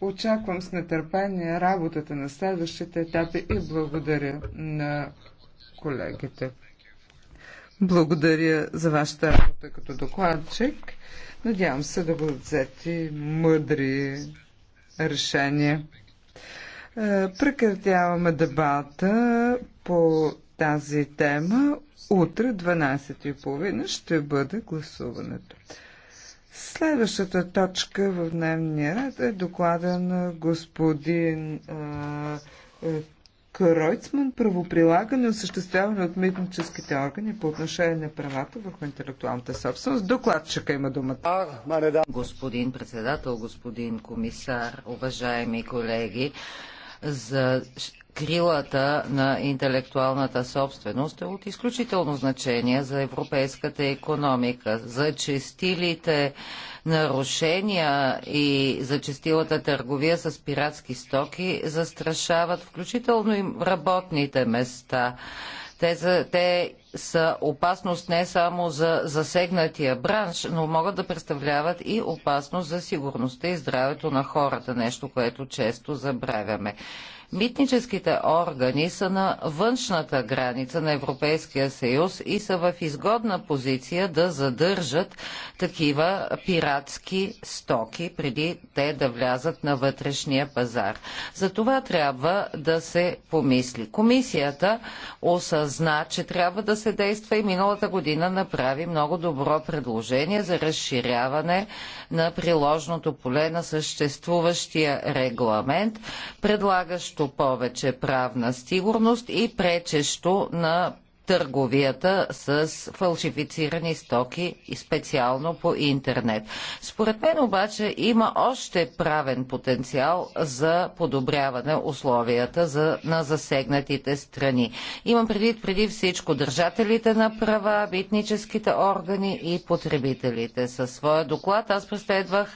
Очаквам с нетърпение работата на следващите етапи и благодаря на колегите. Благодаря за вашата работа като докладчик. Надявам се да бъдат взети мъдри решения. Е, прекратяваме дебата по тази тема. Утре 12.30 ще бъде гласуването. Следващата точка в дневния ред е доклада на господин е, Кройцман правоприлагане и осъществяване от митническите органи по отношение на правата върху интелектуалната собственост. Докладчика има думата. Господин председател, господин комисар, уважаеми колеги, за Крилата на интелектуалната собственост е от изключително значение за европейската економика. За честилите нарушения и за честилата търговия с пиратски стоки застрашават включително и работните места. Те, за, те са опасност не само за засегнатия бранш, но могат да представляват и опасност за сигурността и здравето на хората, нещо, което често забравяме. Митническите органи са на външната граница на Европейския съюз и са в изгодна позиция да задържат такива пиратски стоки преди те да влязат на вътрешния пазар. За това трябва да се помисли. Комисията осъзна, че трябва да се действа и миналата година направи много добро предложение за разширяване на приложното поле на съществуващия регламент, предлагащ нещо повече правна сигурност и пречещо на търговията с фалшифицирани стоки и специално по интернет. Според мен обаче има още правен потенциал за подобряване условията за, на засегнатите страни. Имам предвид преди всичко държателите на права, битническите органи и потребителите. Със своя доклад аз преследвах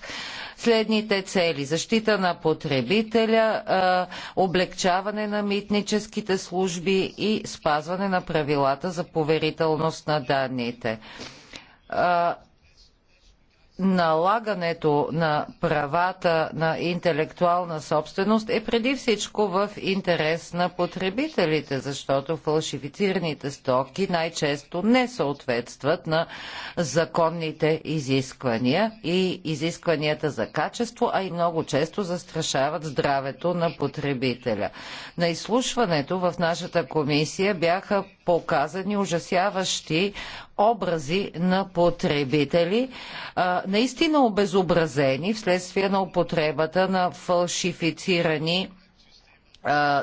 следните цели. Защита на потребителя, облегчаване на митническите служби и спазване на правилата за поверителност на данните налагането на правата на интелектуална собственост е преди всичко в интерес на потребителите, защото фалшифицираните стоки най-често не съответстват на законните изисквания и изискванията за качество, а и много често застрашават здравето на потребителя. На изслушването в нашата комисия бяха показани ужасяващи образи на потребители, наистина обезобразени вследствие на употребата на фалшифицирани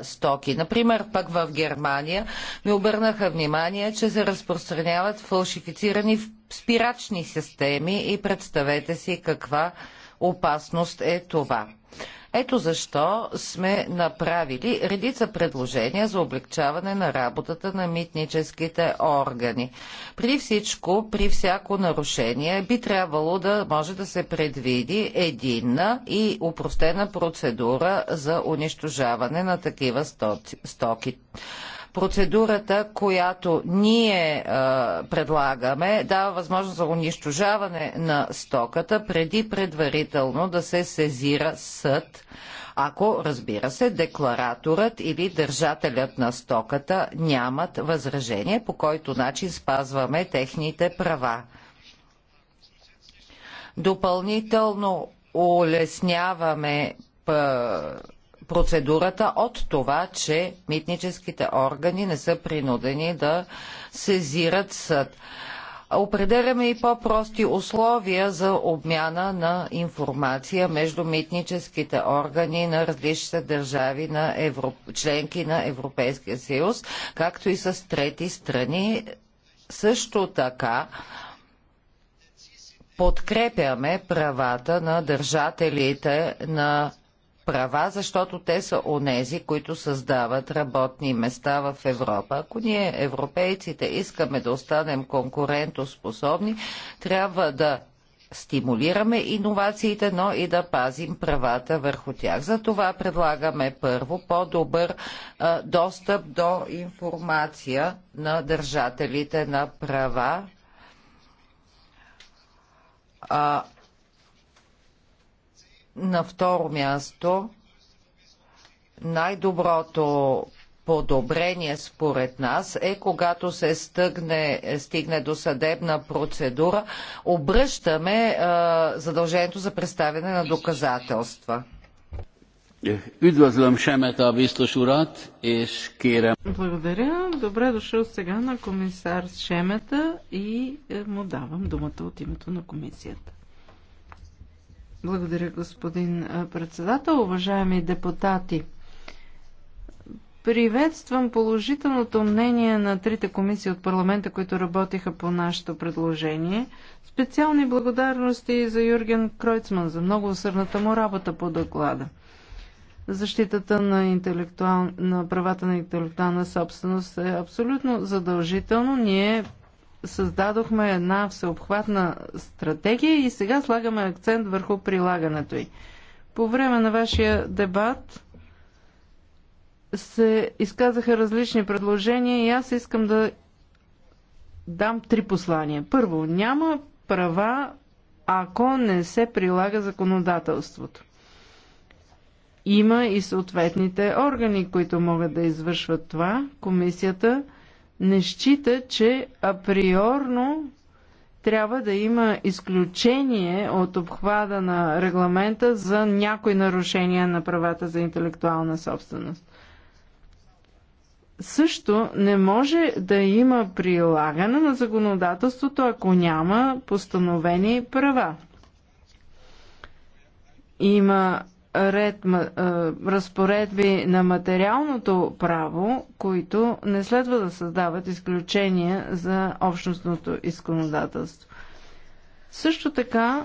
стоки. Например, пък в Германия ми обърнаха внимание, че се разпространяват фалшифицирани спирачни системи и представете си каква опасност е това. Ето защо сме направили редица предложения за облегчаване на работата на митническите органи. При всичко, при всяко нарушение би трябвало да може да се предвиди единна и упростена процедура за унищожаване на такива стоки. Процедурата, която ние е, предлагаме, дава възможност за унищожаване на стоката преди предварително да се сезира съд, ако, разбира се, деклараторът или държателят на стоката нямат възражение, по който начин спазваме техните права. Допълнително улесняваме процедурата от това, че митническите органи не са принудени да сезират съд. Определяме и по-прости условия за обмяна на информация между митническите органи на различните държави на Евро... членки на Европейския съюз, както и с трети страни. Също така подкрепяме правата на държателите на права, защото те са онези, които създават работни места в Европа. Ако ние, европейците, искаме да останем конкурентоспособни, трябва да стимулираме иновациите, но и да пазим правата върху тях. За това предлагаме първо по-добър достъп до информация на държателите на права. А, на второ място, най-доброто подобрение според нас е когато се стъгне, стигне до съдебна процедура, обръщаме а, задължението за представяне на доказателства. Üdvözlöm Semeta biztos urat, és kérem... Благодаря. Добре дошъл сега на комисар Шемета и е, му давам думата от името на комисията. Благодаря, господин председател. Уважаеми депутати, приветствам положителното мнение на трите комисии от парламента, които работиха по нашето предложение. Специални благодарности за Юрген Кройцман за много усърната му работа по доклада. Защитата на, интелектуал... на правата на интелектуална собственост е абсолютно задължително. Ние създадохме една всеобхватна стратегия и сега слагаме акцент върху прилагането й. По време на вашия дебат се изказаха различни предложения и аз искам да дам три послания. Първо, няма права, ако не се прилага законодателството. Има и съответните органи, които могат да извършват това. Комисията – не счита, че априорно трябва да има изключение от обхвада на регламента за някои нарушения на правата за интелектуална собственост. Също не може да има прилагане на законодателството, ако няма постановени права. Има ред разпоредби на материалното право, които не следва да създават изключения за общностното изконодателство. Също така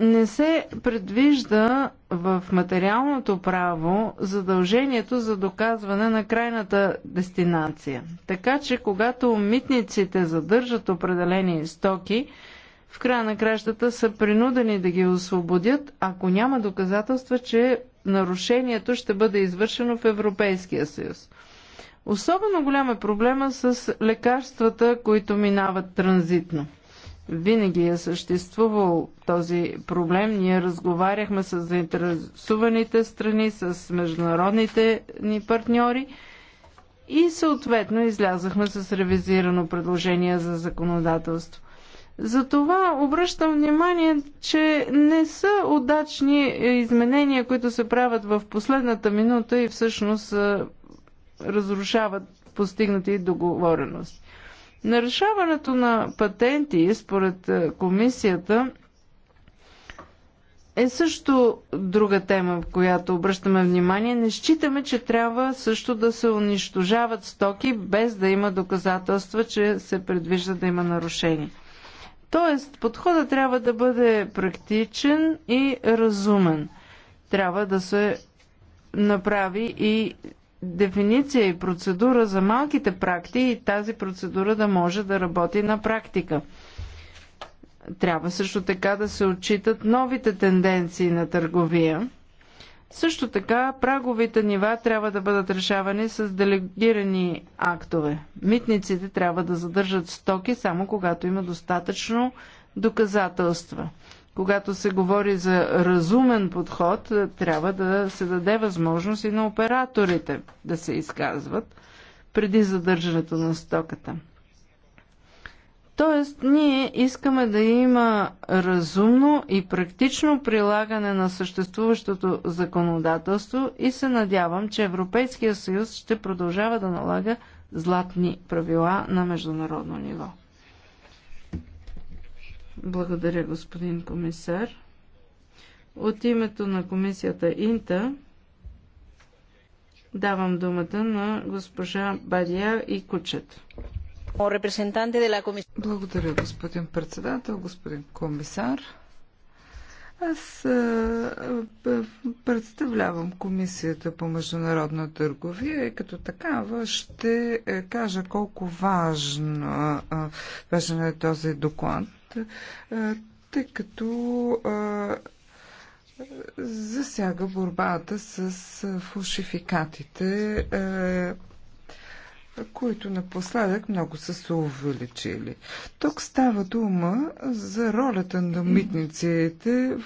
не се предвижда в материалното право задължението за доказване на крайната дестинация. Така че, когато митниците задържат определени стоки, в края на кращата са принудени да ги освободят, ако няма доказателства, че нарушението ще бъде извършено в Европейския съюз. Особено голям е проблема с лекарствата, които минават транзитно. Винаги е съществувал този проблем. Ние разговаряхме с заинтересуваните страни, с международните ни партньори и съответно излязахме с ревизирано предложение за законодателство. Затова обръщам внимание, че не са удачни изменения, които се правят в последната минута и всъщност разрушават постигнати договорености. Нарешаването на патенти, според комисията, е също друга тема, в която обръщаме внимание. Не считаме, че трябва също да се унищожават стоки, без да има доказателства, че се предвижда да има нарушение. Тоест, подходът трябва да бъде практичен и разумен. Трябва да се направи и дефиниция и процедура за малките практи и тази процедура да може да работи на практика. Трябва също така да се отчитат новите тенденции на търговия. Също така, праговите нива трябва да бъдат решавани с делегирани актове. Митниците трябва да задържат стоки само когато има достатъчно доказателства. Когато се говори за разумен подход, трябва да се даде възможност и на операторите да се изказват преди задържането на стоката. Тоест, ние искаме да има разумно и практично прилагане на съществуващото законодателство и се надявам, че Европейския съюз ще продължава да налага златни правила на международно ниво. Благодаря, господин комисар. От името на комисията Инта давам думата на госпожа Бадия и Кучет. Благодаря, господин председател, господин комисар. Аз представлявам Комисията по международна търговия и като такава ще е, кажа колко важно важен е този доклад, тъй като засяга борбата с фалшификатите които напоследък много са се увеличили. Тук става дума за ролята на митниците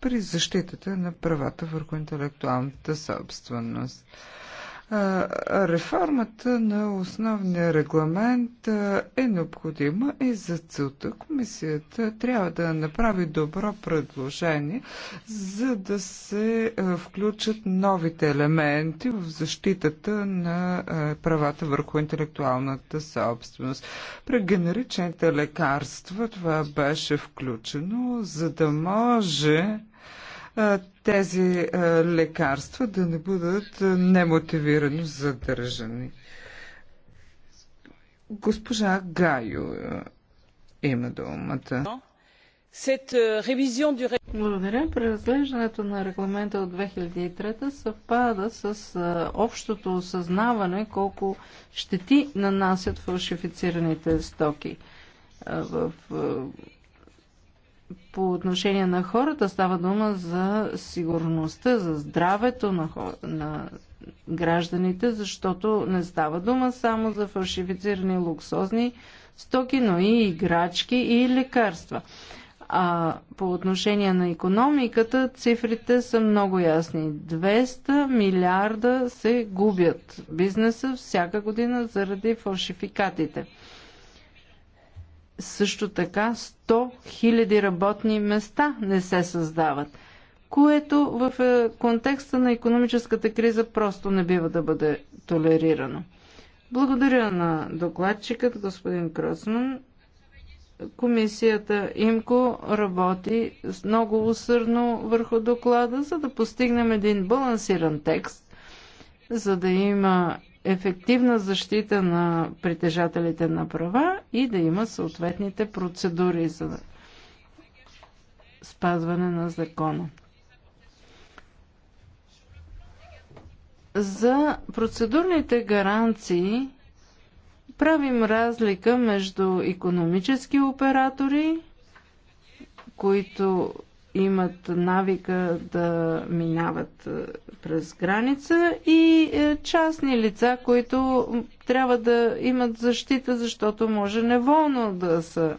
при защитата на правата върху интелектуалната собственост. Реформата на основния регламент е необходима и за целта комисията трябва да направи добро предложение, за да се включат новите елементи в защитата на правата върху интелектуалната собственост. При генеричните лекарства това беше включено, за да може тези лекарства да не бъдат немотивирано задържани. Госпожа Гайо има думата. Благодаря. Преразглеждането на регламента от 2003 съвпада с общото осъзнаване колко щети нанасят фалшифицираните стоки в по отношение на хората става дума за сигурността, за здравето на, хор... на гражданите, защото не става дума само за фалшифицирани луксозни стоки, но и играчки и лекарства. А по отношение на економиката, цифрите са много ясни. 200 милиарда се губят бизнеса всяка година заради фалшификатите също така 100 000 работни места не се създават, което в е, контекста на економическата криза просто не бива да бъде толерирано. Благодаря на докладчикът, господин Кросман. Комисията ИМКО работи много усърдно върху доклада, за да постигнем един балансиран текст, за да има ефективна защита на притежателите на права и да има съответните процедури за спазване на закона. За процедурните гаранции правим разлика между економически оператори, които имат навика да минават е, през граница и е, частни лица, които трябва да имат защита, защото може неволно да са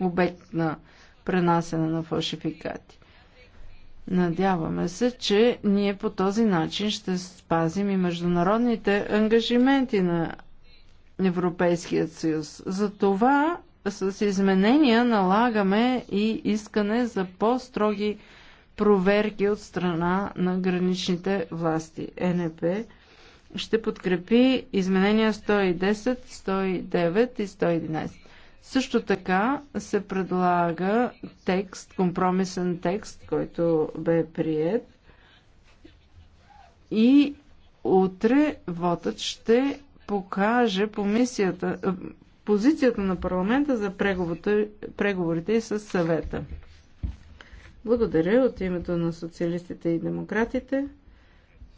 обект на пренасене на фалшификати. Надяваме се, че ние по този начин ще спазим и международните ангажименти на Европейският съюз. За това с изменения налагаме и искане за по-строги проверки от страна на граничните власти. НП ще подкрепи изменения 110, 109 и 111. Също така се предлага текст, компромисен текст, който бе прият и утре вотът ще покаже по позицията на парламента за преговорите и с съвета. Благодаря от името на социалистите и демократите.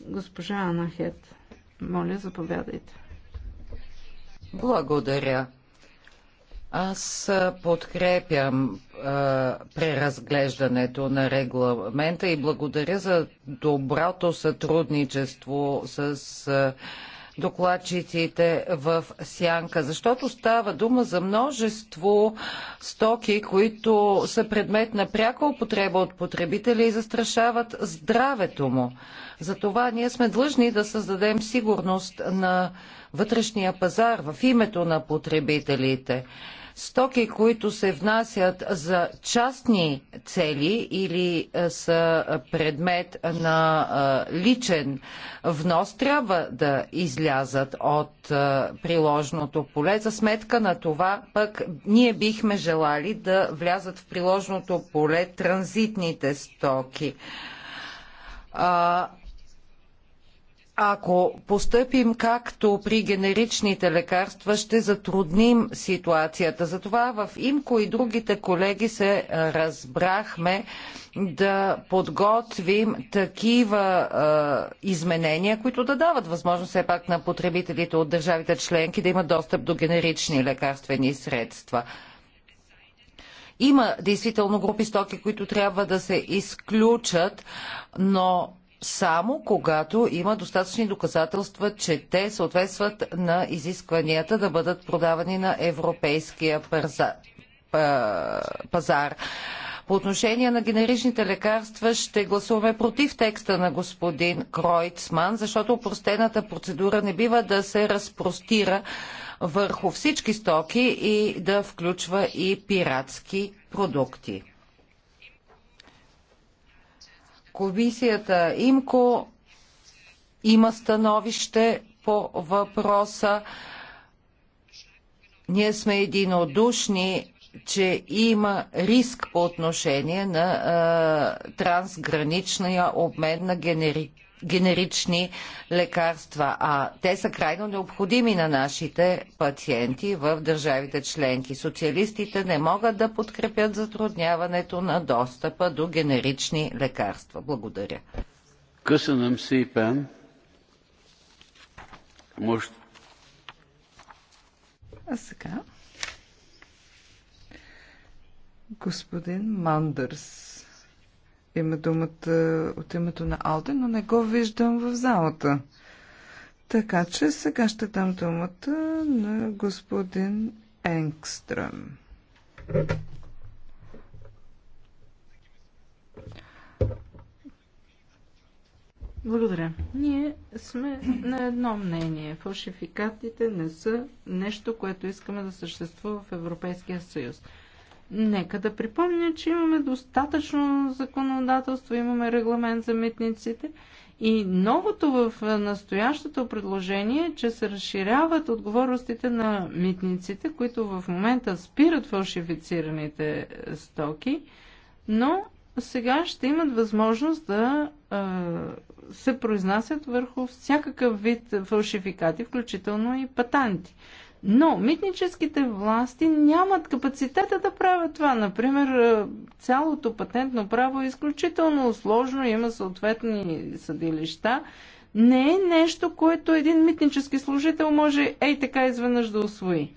Госпожа Ана Хет, моля, заповядайте. Благодаря. Аз подкрепям а, преразглеждането на регламента и благодаря за доброто сътрудничество с а, докладчиците в сянка, защото става дума за множество стоки, които са предмет на пряка употреба от потребители и застрашават здравето му. Затова ние сме длъжни да създадем сигурност на вътрешния пазар в името на потребителите стоки, които се внасят за частни цели или е, са предмет на е, личен внос, трябва да излязат от е, приложното поле. За сметка на това пък ние бихме желали да влязат в приложното поле транзитните стоки. Ако постъпим както при генеричните лекарства, ще затрудним ситуацията. Затова в ИМКО и другите колеги се е, разбрахме да подготвим такива е, изменения, които да дават възможност все пак на потребителите от държавите членки да имат достъп до генерични лекарствени средства. Има действително групи стоки, които трябва да се изключат, но само когато има достатъчни доказателства, че те съответстват на изискванията да бъдат продавани на европейския пазар. По отношение на генеричните лекарства ще гласуваме против текста на господин Кройцман, защото простената процедура не бива да се разпростира върху всички стоки и да включва и пиратски продукти. Комисията ИМКО има становище по въпроса. Ние сме единодушни, че има риск по отношение на а, трансграничния обмен на генерик генерични лекарства, а те са крайно необходими на нашите пациенти в държавите членки. Социалистите не могат да подкрепят затрудняването на достъпа до генерични лекарства. Благодаря. Köszönöm Пен. Може... А сега господин Мандърс има думата е, от името на Алден, но не го виждам в залата. Така че сега ще дам думата на господин Енгстрън. Благодаря. Ние сме на едно мнение. Фалшификатите не са нещо, което искаме да съществува в Европейския съюз. Нека да припомня, че имаме достатъчно законодателство, имаме регламент за митниците и новото в настоящото предложение е, че се разширяват отговорностите на митниците, които в момента спират фалшифицираните стоки, но сега ще имат възможност да се произнасят върху всякакъв вид фалшификати, включително и патанти. Но митническите власти нямат капацитета да правят това. Например, е, цялото патентно право е изключително сложно, има съответни съдилища. Не е нещо, което един митнически служител може ей така изведнъж да освои.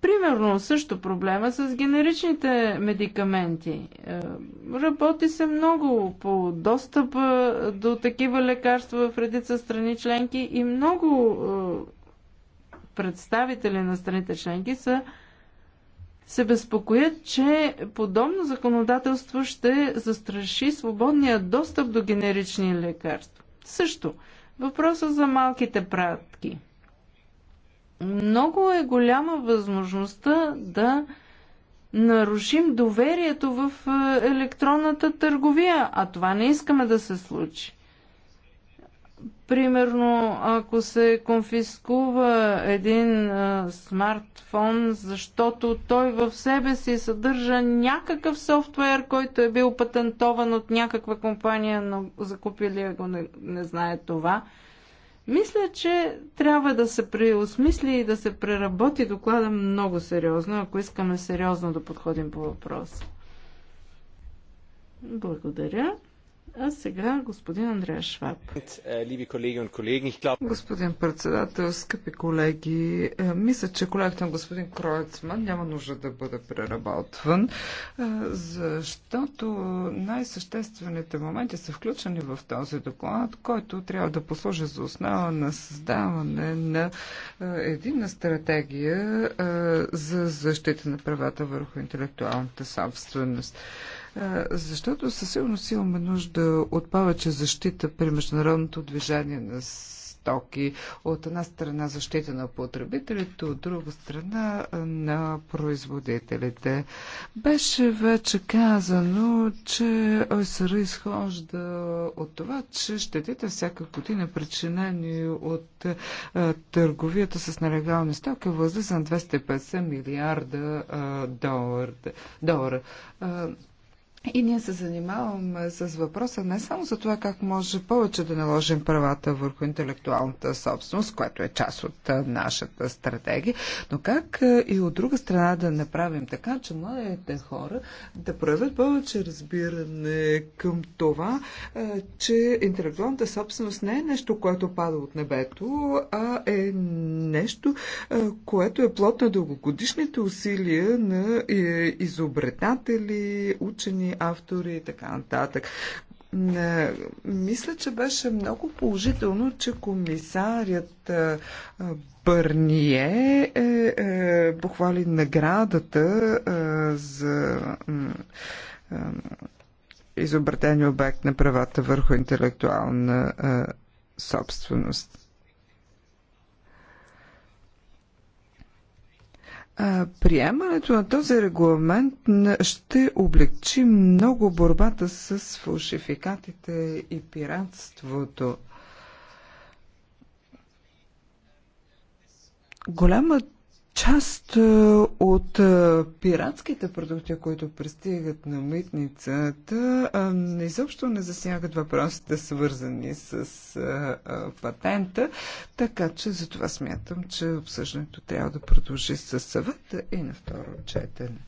Примерно също проблема с генеричните медикаменти. Е, работи се много по достъп до такива лекарства в редица страни членки и много е, представители на страните членки са се безпокоят, че подобно законодателство ще застраши свободния достъп до генерични лекарства. Също, въпроса за малките пратки. Много е голяма възможността да нарушим доверието в е, електронната търговия, а това не искаме да се случи. Примерно, ако се конфискува един а, смартфон, защото той в себе си съдържа някакъв софтуер, който е бил патентован от някаква компания, но закупили го не, не знае това, мисля, че трябва да се преосмисли и да се преработи доклада много сериозно, ако искаме сериозно да подходим по въпроса. Благодаря. А сега господин Андрея Шваб. Е, господин председател, скъпи колеги, е, мисля, че колегата на господин Кроецман няма нужда да бъде преработван, е, защото най-съществените моменти са включени в този доклад, който трябва да послужи за основа на създаване на единна стратегия за защита на правата върху интелектуалната собственост защото със сигурност имаме нужда от повече защита при международното движение на стоки. От една страна защита на потребителите, от друга страна на производителите. Беше вече казано, че ОСР изхожда от това, че щетите всяка година причинени от търговията с нелегални стоки възлиза на 250 милиарда долара. И ние се занимаваме с въпроса не само за това как може повече да наложим правата върху интелектуалната собственост, което е част от е, нашата стратегия, но как е, и от друга страна да направим така, че младите хора да проявят повече разбиране към това, е, че интелектуалната собственост не е нещо, което пада от небето, а е нещо, което е плод на дългогодишните усилия на изобретатели, учени, автори и така нататък. Е, мисля, че беше много положително, че комисарят е, е, Бърние е, е, похвали наградата е, за е, обект на правата върху интелектуална е, собственост. Приемането на този регламент ще облегчи много борбата с фалшификатите и пиратството. Голямата Част е, от е, пиратските продукти, които пристигат на митницата, е, изобщо не засягат въпросите, свързани с патента, така че за това смятам, че обсъждането трябва да продължи с съвета и на второ четене.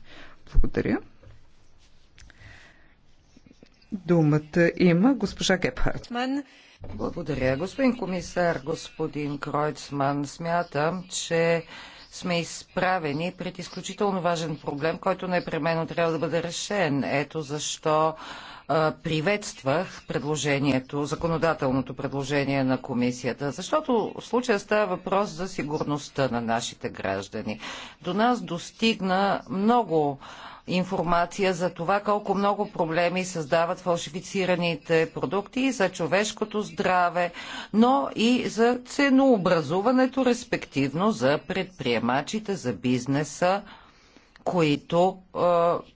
Благодаря. Думата има госпожа Гепхартман. Благодаря, господин комисар, господин Кройцман. Смятам, че сме изправени пред изключително важен проблем, който непременно трябва да бъде решен. Ето защо приветствах предложението, законодателното предложение на комисията, защото в случая става въпрос за сигурността на нашите граждани. До нас достигна много информация за това колко много проблеми създават фалшифицираните продукти за човешкото здраве, но и за ценообразуването, респективно за предприемачите, за бизнеса, които е,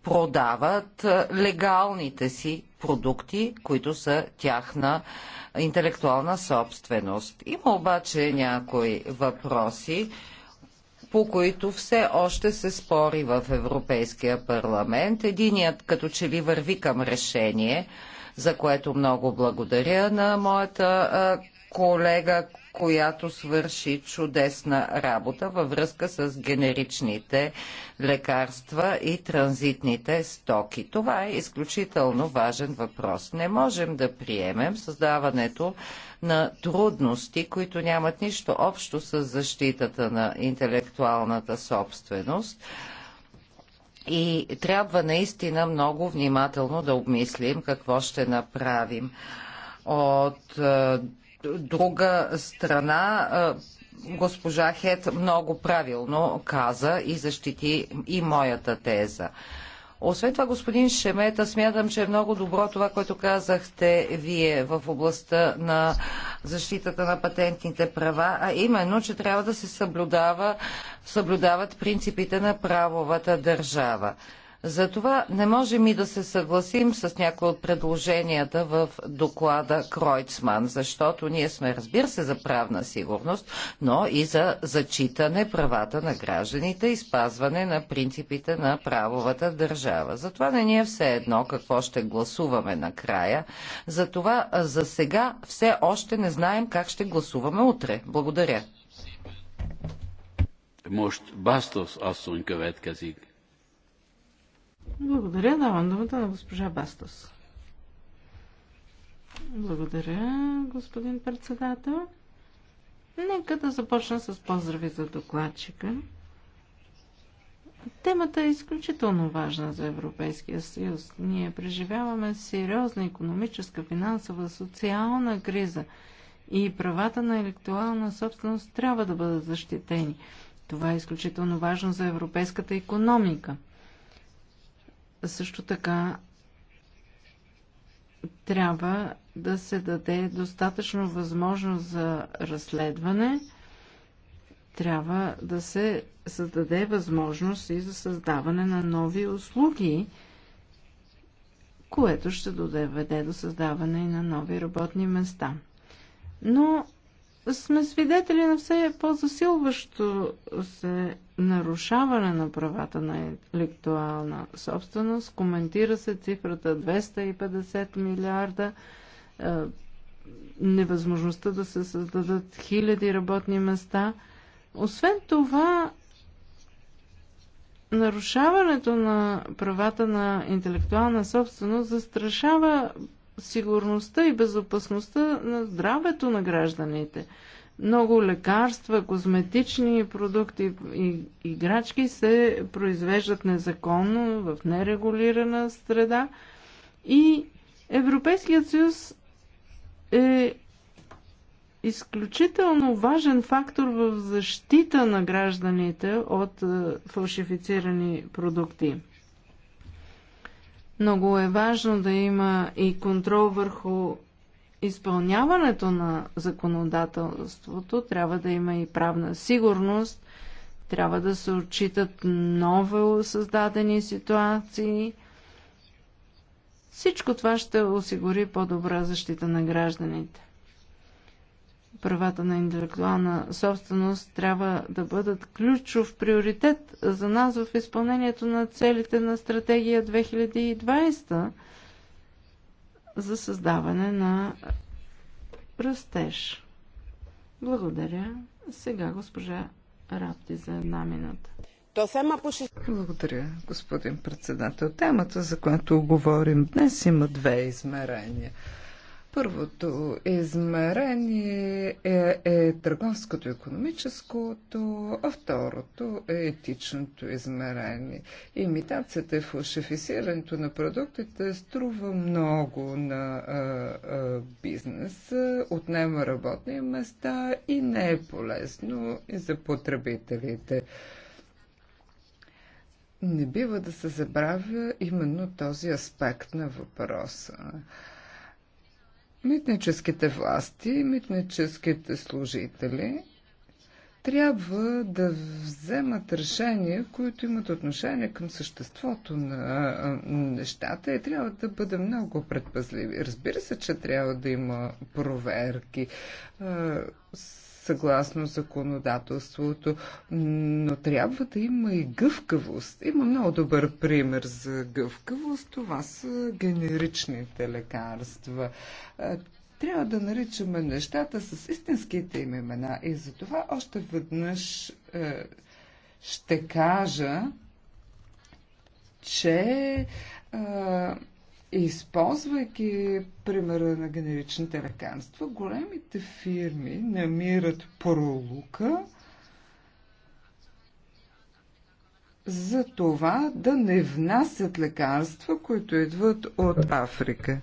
продават е, легалните си продукти, които са тяхна интелектуална собственост. Има обаче някои въпроси, по които все още се спори в Европейския парламент. Единият като че ли върви към решение, за което много благодаря на моята колега която свърши чудесна работа във връзка с генеричните лекарства и транзитните стоки. Това е изключително важен въпрос. Не можем да приемем създаването на трудности, които нямат нищо общо с защитата на интелектуалната собственост. И трябва наистина много внимателно да обмислим какво ще направим. От е, друга страна, госпожа Хет много правилно каза и защити и моята теза. Освен това, господин Шемета, смятам, че е много добро това, което казахте вие в областта на защитата на патентните права, а именно, че трябва да се съблюдава, съблюдават принципите на правовата държава. Затова не можем и да се съгласим с някои от предложенията в доклада Кройцман, защото ние сме, разбира се, за правна сигурност, но и за зачитане правата на гражданите и спазване на принципите на правовата държава. Затова не ни е все едно какво ще гласуваме накрая. Затова за сега все още не знаем как ще гласуваме утре. Благодаря. Most Bastos asszony következik. Благодаря. Давам думата на госпожа Бастос. Благодаря, господин председател. Нека да започна с поздрави за докладчика. Темата е изключително важна за Европейския съюз. Ние преживяваме сериозна економическа, финансова, социална криза и правата на електуална собственост трябва да бъдат защитени. Това е изключително важно за европейската економика – също така трябва да се даде достатъчно възможност за разследване, трябва да се създаде възможност и за създаване на нови услуги, което ще доведе до създаване и на нови работни места. Но сме свидетели на все по-засилващо се нарушаване на правата на интелектуална собственост. Коментира се цифрата 250 милиарда, е, невъзможността да се създадат хиляди работни места. Освен това, нарушаването на правата на интелектуална собственост застрашава сигурността и безопасността на здравето на гражданите. Много лекарства, козметични продукти и играчки се произвеждат незаконно в нерегулирана среда и Европейският съюз е изключително важен фактор в защита на гражданите от е, фалшифицирани продукти. Много е важно да има и контрол върху изпълняването на законодателството трябва да има и правна сигурност, трябва да се отчитат ново създадени ситуации. Всичко това ще осигури по-добра защита на гражданите. Правата на интелектуална собственост трябва да бъдат ключов приоритет за нас в изпълнението на целите на стратегия 2020 за създаване на растеж. Благодаря. Сега госпожа Рапти за една минута. Благодаря, господин председател. Темата, за която говорим днес, има две измерения. Първото измерение е, е търговското, економическото, а второто е етичното измерение. Имитацията и фалшифицирането на продуктите струва много на а, а, бизнеса, отнема работни места и не е полезно и за потребителите. Не бива да се забравя именно този аспект на въпроса. Митническите власти, митническите служители трябва да вземат решения, които имат отношение към съществото на нещата и трябва да бъдем много предпазливи. Разбира се, че трябва да има проверки съгласно законодателството, но трябва да има и гъвкавост. Има много добър пример за гъвкавост. Това са генеричните лекарства трябва да наричаме нещата с истинските им имена. И затова още веднъж е, ще кажа, че е, Използвайки примера на генеричните лекарства, големите фирми намират пролука за това да не внасят лекарства, които идват от Африка.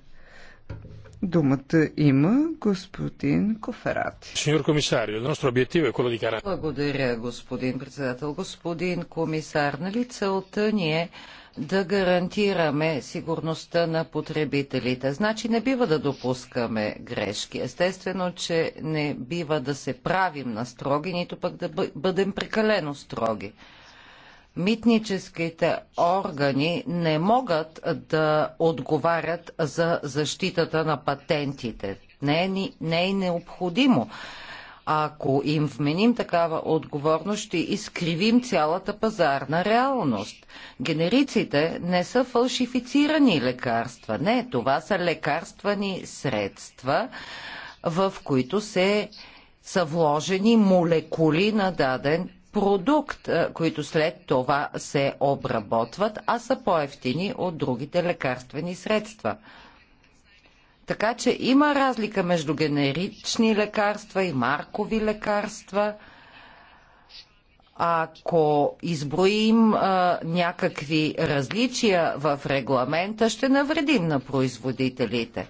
Думата има господин Коферати. Сеньор комисарио, нашето обектив е quello Благодаря, господин председател. Господин комисар, нали целта ни е да гарантираме сигурността на потребителите. Значи не бива да допускаме грешки. Естествено, че не бива да се правим на строги, нито пък да бъдем прекалено строги митническите органи не могат да отговарят за защитата на патентите. Не е, не е необходимо. Ако им вменим такава отговорност, ще изкривим цялата пазарна реалност. Генериците не са фалшифицирани лекарства. Не, това са лекарствани средства, в които се са вложени молекули на даден продукт, е, които след това се обработват, а са по-ефтини от другите лекарствени средства. Така че има разлика между генерични лекарства и маркови лекарства. Ако изброим а, някакви различия в регламента, ще навредим на производителите.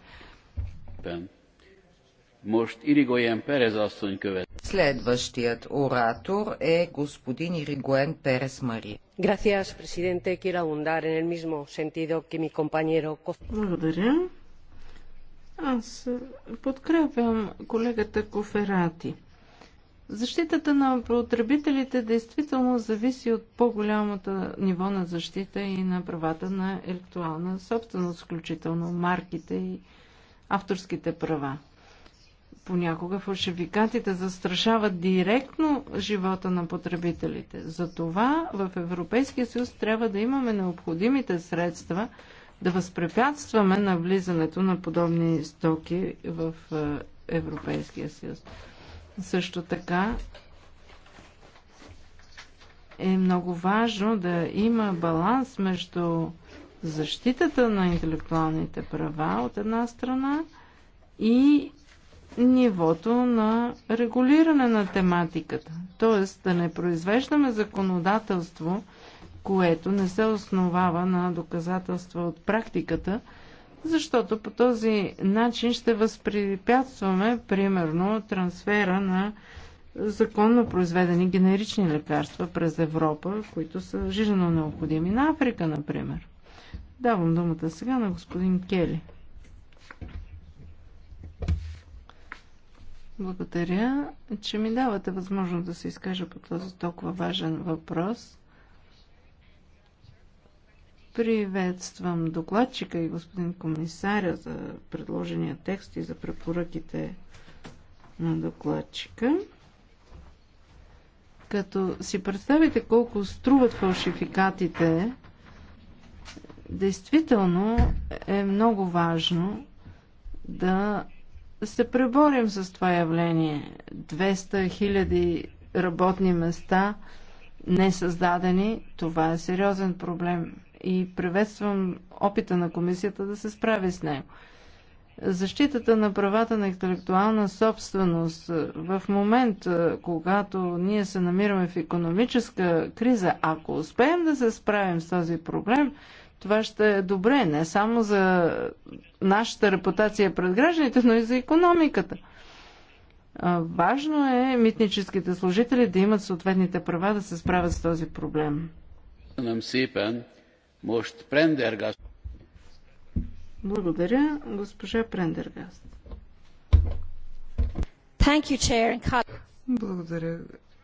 Следващият оратор е господин Иригоен Перес compañero. Благодаря. Аз подкрепям колегата Коферати. Защитата на потребителите действително зависи от по-голямото ниво на защита и на правата на електуална собственост, включително марките и авторските права. Понякога фалшификатите застрашават директно живота на потребителите. Затова в Европейския съюз трябва да имаме необходимите средства – да възпрепятстваме навлизането на подобни стоки в е, Европейския съюз. Също така е много важно да има баланс между защитата на интелектуалните права от една страна и нивото на регулиране на тематиката. Тоест да не произвеждаме законодателство, което не се основава на доказателства от практиката, защото по този начин ще възпрепятстваме, примерно, трансфера на законно произведени генерични лекарства през Европа, които са жизненно необходими на Африка, например. Давам думата сега на господин Кели. Благодаря, че ми давате възможност да се изкажа по този толкова важен въпрос – Приветствам докладчика и господин комисаря за предложения текст и за препоръките на докладчика. Като си представите колко струват фалшификатите, действително е много важно да се преборим с това явление. 200 хиляди работни места не създадени, това е сериозен проблем и приветствам опита на комисията да се справи с него. Защитата на правата на интелектуална собственост е, в момент, е, когато ние се намираме в економическа криза, ако успеем да се справим с този проблем, това ще е добре не само за нашата репутация пред гражданите, но и за економиката. Е, важно е митническите служители да имат съответните права да се справят с този проблем. Мощ Прендергаст. Благодаря, госпожа Прендергаст. Thank you, Chair. Благодаря,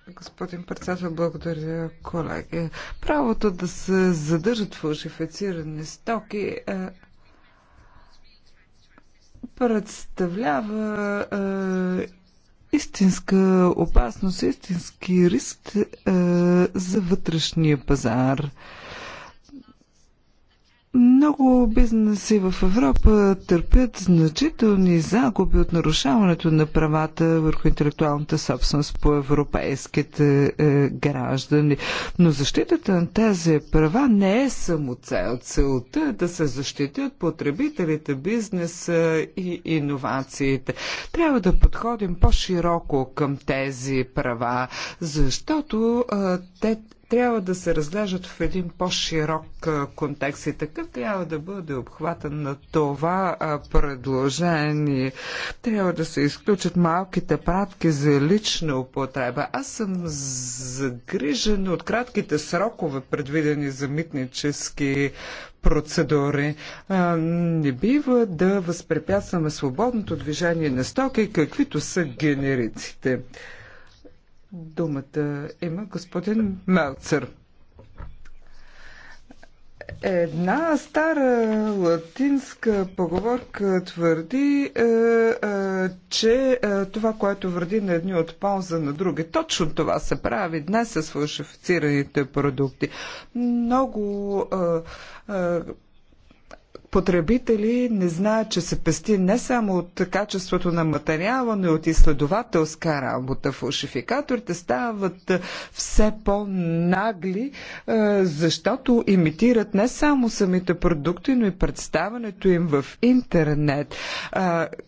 господин председател. Благодаря, колеги. Правото да се задържат фалшифицирани стоки е представлява е, истинска опасност, истински риск е, за вътрешния пазар. Е, много бизнеси в Европа търпят значителни загуби от нарушаването на правата върху интелектуалната собственост по европейските е, граждани. Но защитата на тези права не е само цел. Целта е да се защитят потребителите, бизнеса и иновациите. Трябва да подходим по-широко към тези права, защото е, те трябва да се разглеждат в един по-широк контекст и такъв трябва да бъде обхватен на това предложение. Трябва да се изключат малките пратки за лична употреба. Аз съм загрижен от кратките срокове, предвидени за митнически процедури. не бива да възпрепятстваме свободното движение на стоки, каквито са генериците. Думата има господин Мелцер. Една стара латинска поговорка твърди, е, е, че е, това, което вреди на едни от полза на други, точно това се прави днес с фалшифицираните продукти. Много потребители не знаят, че се пести не само от качеството на материала, но и от изследователска работа. Фалшификаторите стават е, все по-нагли, е, защото имитират не само самите продукти, но и представането им в интернет. Е,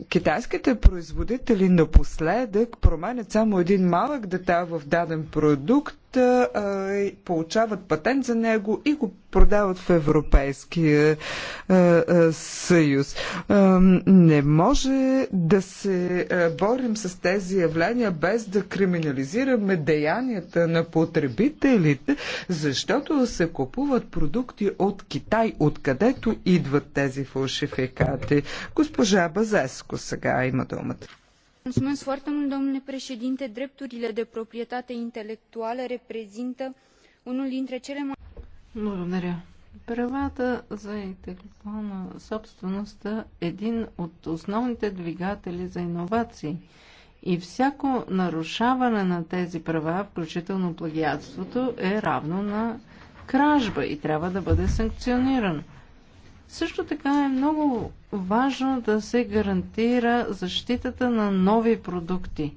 китайските производители напоследък променят само един малък детайл в даден продукт получават патент за него и го продават в Европейския съюз. Не може да се борим с тези явления без да криминализираме деянията на потребителите, защото се купуват продукти от Китай, откъдето идват тези фалшификати. Госпожа Базеско сега има думата drepturile de proprietate intelectuală reprezintă unul dintre cele mai Благодаря. Правата за интелектуална собственост е един от основните двигатели за иновации. И всяко нарушаване на тези права, включително плагиатството, е равно на кражба и трябва да бъде санкционирано. Също така е много важно да се гарантира защитата на нови продукти.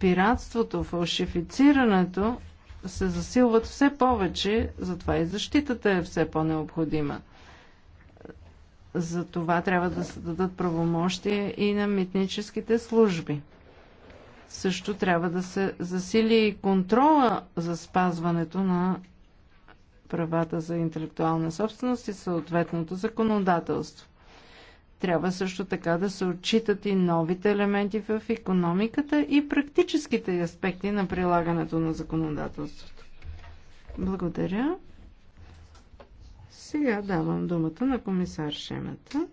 Пиратството, фалшифицирането се засилват все повече, затова и защитата е все по-необходима. За това трябва да се дадат правомощия и на митническите служби. Също трябва да се засили и контрола за спазването на правата за интелектуална собственост и съответното законодателство. Трябва също така да се отчитат и новите елементи в економиката и практическите аспекти на прилагането на законодателството. Благодаря. Сега давам думата на комисар Шемета,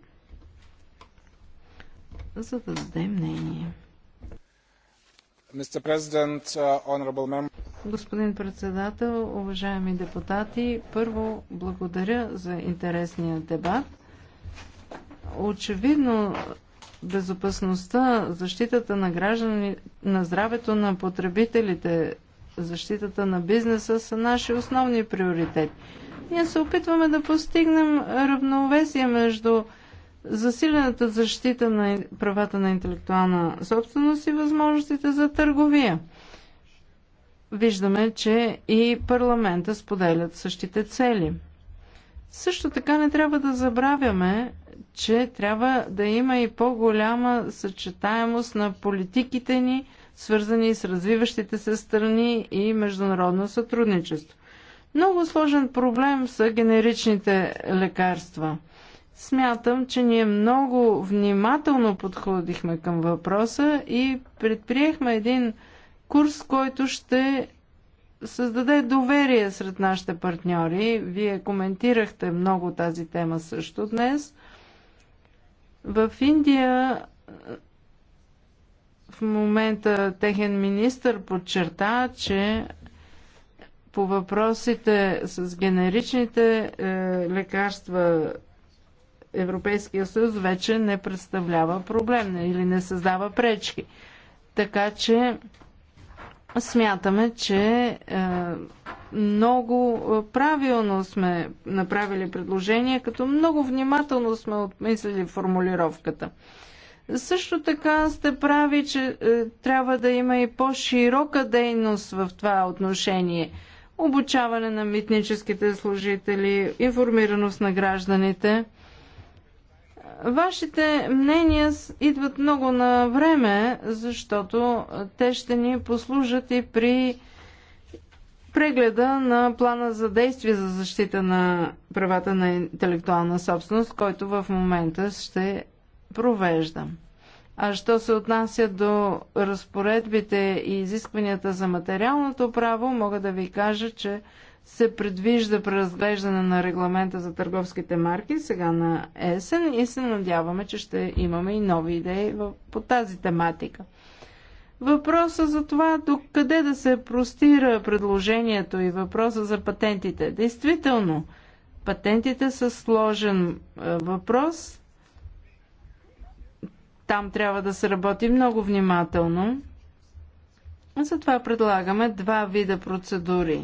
за да даде мнение. Uh, Господин председател, уважаеми депутати, първо благодаря за интересния дебат. Очевидно, безопасността, защитата на граждани, на здравето на потребителите, защитата на бизнеса са наши основни приоритети. Ние се опитваме да постигнем равновесие между засилената защита на правата на интелектуална собственост и възможностите за търговия. Виждаме, че и парламента споделят същите цели. Също така не трябва да забравяме, че трябва да има и по-голяма съчетаемост на политиките ни, свързани с развиващите се страни и международно сътрудничество. Много сложен проблем са генеричните лекарства – Смятам, че ние много внимателно подходихме към въпроса и предприехме един курс, който ще създаде доверие сред нашите партньори. Вие коментирахте много тази тема също днес. В Индия в момента техен министр подчерта, че по въпросите с генеричните е, лекарства Европейския съюз вече не представлява проблем или не създава пречки. Така че смятаме, че е, много правилно сме направили предложение, като много внимателно сме отмислили формулировката. Също така сте прави, че е, трябва да има и по-широка дейност в това отношение. Обучаване на митническите служители, информираност на гражданите – Вашите мнения идват много на време, защото те ще ни послужат и при прегледа на плана за действие за защита на правата на интелектуална собственост, който в момента ще провеждам. А що се отнася до разпоредбите и изискванията за материалното право, мога да ви кажа, че се предвижда преразглеждане на регламента за търговските марки сега на есен и се надяваме, че ще имаме и нови идеи по тази тематика. Въпроса за това до къде да се простира предложението и въпроса за патентите. Действително, патентите са сложен е, въпрос. Там трябва да се работи много внимателно. Затова предлагаме два вида процедури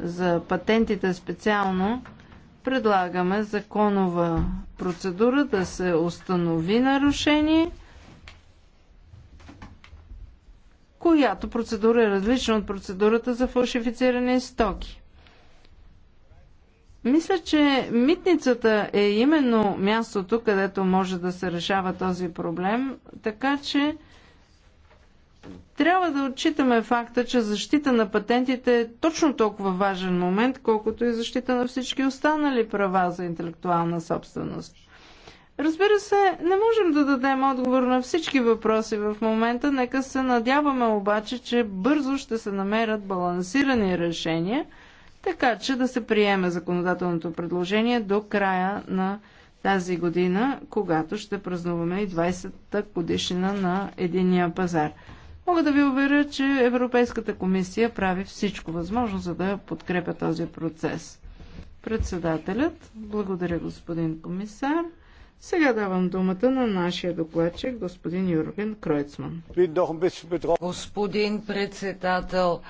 за патентите специално, предлагаме законова процедура да се установи нарушение, която процедура е различна от процедурата за фалшифициране стоки. Мисля, че митницата е именно мястото, където може да се решава този проблем, така че трябва да отчитаме факта, че защита на патентите е точно толкова важен момент, колкото и защита на всички останали права за интелектуална собственост. Разбира се, не можем да дадем отговор на всички въпроси в момента, нека се надяваме обаче, че бързо ще се намерят балансирани решения, така че да се приеме законодателното предложение до края на тази година, когато ще празнуваме и 20-та годишина на единия пазар. Мога да ви уверя, че Европейската комисия прави всичко възможно, за да подкрепя този процес. Председателят, благодаря господин комисар. Сега давам думата на нашия докладчик, господин Юрген Кройцман. Господин председател,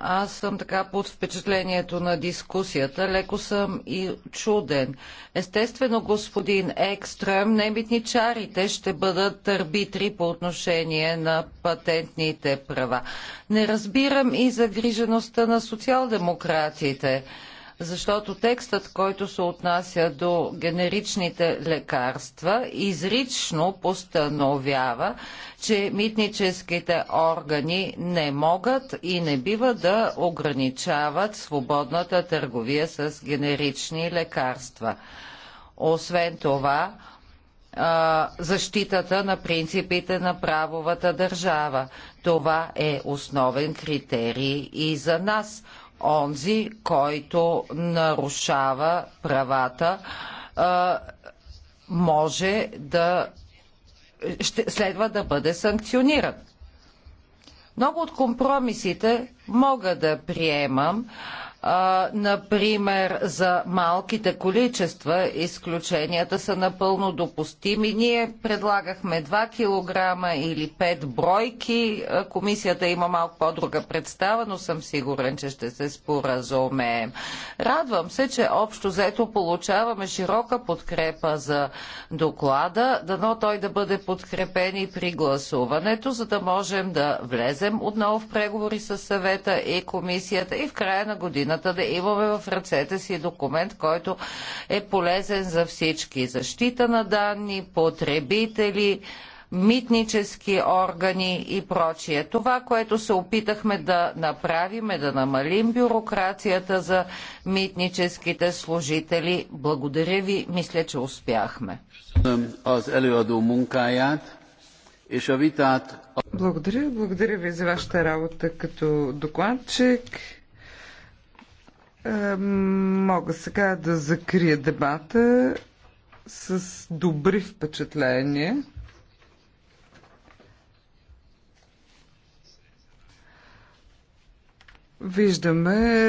аз съм така под впечатлението на дискусията. Леко съм и чуден. Естествено, господин Екстрем, небитничарите ще бъдат арбитри по отношение на патентните права. Не разбирам и загрижеността на социал-демократите защото текстът, който се отнася до генеричните лекарства, изрично постановява, че митническите органи не могат и не бива да ограничават свободната търговия с генерични лекарства. Освен това, защитата на принципите на правовата държава. Това е основен критерий и за нас онзи, който нарушава правата, може да ще, следва да бъде санкциониран. Много от компромисите мога да приемам, например, за малките количества изключенията са напълно допустими. Ние предлагахме 2 кг или 5 бройки. Комисията има малко по-друга представа, но съм сигурен, че ще се споразумеем. Радвам се, че общо взето получаваме широка подкрепа за доклада, дано той да бъде подкрепен и при гласуването, за да можем да влезем отново в преговори с съвета и комисията и в края на годината страната, да имаме в ръцете си документ, който е полезен за всички. Защита на данни, потребители, митнически органи и прочие. Това, което се опитахме да направим е да намалим бюрокрацията за митническите служители. Благодаря ви, мисля, че успяхме. Благодаря, благодаря ви за вашата работа като докладчик. Е, мога сега да закрия дебата с добри впечатления. Виждаме